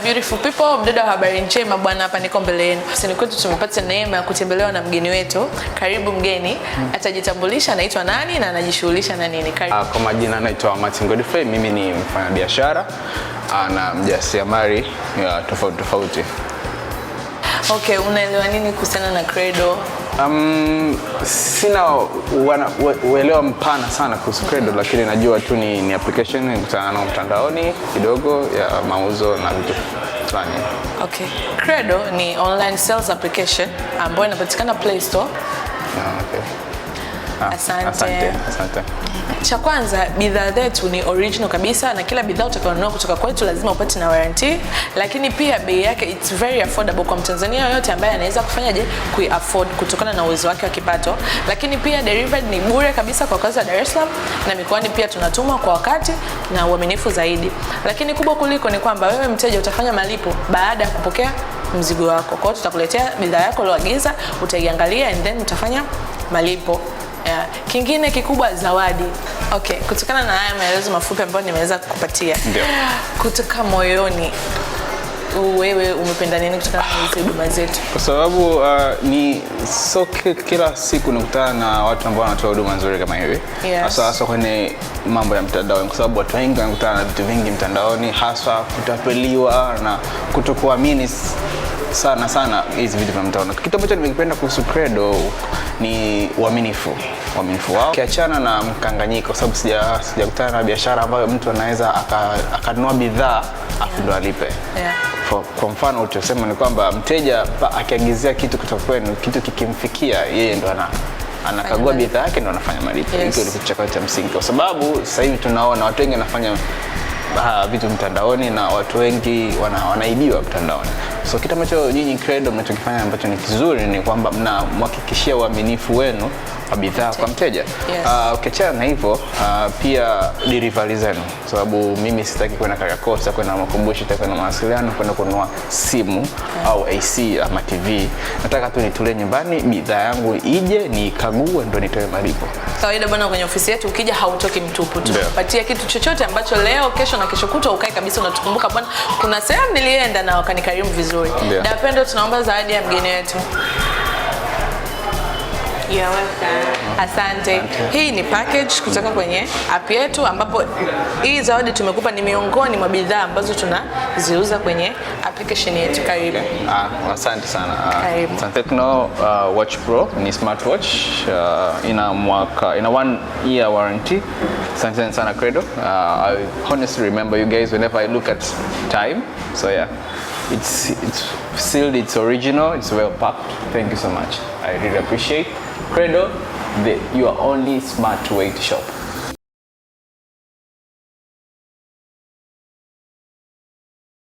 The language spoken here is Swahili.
my beautiful people, mdada wa habari njema bwana, hapa niko mbele yenu. ni kwetu tumepata neema ya kutembelewa na mgeni wetu. Karibu mgeni, hmm. atajitambulisha anaitwa nani na anajishughulisha na nini? Karibu. Ah, kwa majina anaitwa Martin Godfrey, mimi ni mfanyabiashara ah, na mjasiriamali ah, tofauti tofauti. Okay, unaelewa nini kuhusiana na Credo? Um, sina uelewa mpana sana kuhusu Credo, lakini najua tu ni, ni application nikutana nao mtandaoni kidogo ya mauzo na vitu fulani. Okay. Credo ni online sales application ambayo inapatikana Play Store. Ah, okay. Ah, asante. Asante. Asante. Cha kwanza bidhaa zetu ni original kabisa, na kila bidhaa utakayonunua kutoka kwetu lazima upate na warranty, lakini pia bei yake it's very affordable kwa Mtanzania yoyote ambaye anaweza kufanyaje kui afford kutokana na uwezo wake wa kipato. Lakini pia delivery ni bure kabisa kwa kazi ya Dar es Salaam na mikoani, pia tunatuma kwa wakati na uaminifu zaidi. Lakini kubwa kuliko ni kwamba wewe mteja utafanya malipo baada ya kupokea mzigo wako. Kwa hiyo tutakuletea bidhaa yako ulioagiza, utaiangalia and then utafanya malipo yeah. Kingine kikubwa zawadi. Okay, kutokana na haya maelezo mafupi ambayo nimeweza kukupatia kutoka moyoni wewe umependa nini kutokana na hizi huduma zetu? Kwa sababu uh, ni so kila siku nakutana na watu ambao wanatoa huduma nzuri kama hivi hasa yes, hasa kwenye mambo ya mtandaoni, kwa sababu watu wengi wanakutana na vitu vingi mtandaoni, hasa kutapeliwa na kutokuamini sana sana hizi vitu vya mtandao Kitu ambacho nimekipenda kuhusu Credo ni uaminifu uaminifu wao, kiachana na mkanganyiko, sababu sija sijakutana na biashara ambayo mtu anaweza akanunua bidhaa afu ndo alipe yeah. Kwa mfano ulichosema ni kwamba mteja akiagizia kitu kutoka kwenu, kitu kikimfikia yeye ndo ana anakagua bidhaa yake ndo anafanya malipo. Hicho yes. Ni kichakato cha msingi, kwa sababu sasa hivi tunaona watu wengi wanafanya ah, vitu mtandaoni na watu wengi wana, wanaibiwa mtandaoni. So kitu ambacho nyinyi Credo mnachokifanya ambacho ni kizuri ni kwamba mnamhakikishia uaminifu wenu wa bidhaa kwa mteja. Yes. Uh, na hivyo uh, pia delivery zenu sababu mimi sitaki kwenda Kariakoo, sitaki kwenda makumbusho, sitaki kwenda mawasiliano kwenda kununua simu au AC ama TV. Nataka tu nitulie nyumbani, bidhaa yangu ije, nikague, ndo nitoe malipo. Kawaida bwana, kwenye ofisi yetu ukija hautoki mtupu tu, patia kitu chochote ambacho leo, kesho na kesho kutwa ukae kabisa unatukumbuka, bwana, kuna sehemu nilienda na wakanikarimu vizuri. Dapendo, tunaomba zawadi ya mgeni wetu. Yeah, Asante. Hii ni package kutoka kwenye app yetu, ambapo hii zawadi tumekupa ni miongoni mwa bidhaa ambazo tunaziuza kwenye application yetu. Karibu. Ah, asante sana. Ah, Karibu. uh, Watch Pro ni smartwatch uh, ina mwaka ina one year warranty. Asante sana Credo. Uh, I honestly remember you guys whenever I look at time. So yeah. It's it's sealed, it's original, it's well packed. Thank you so much. I really appreciate Credo, the your only smart weight shop.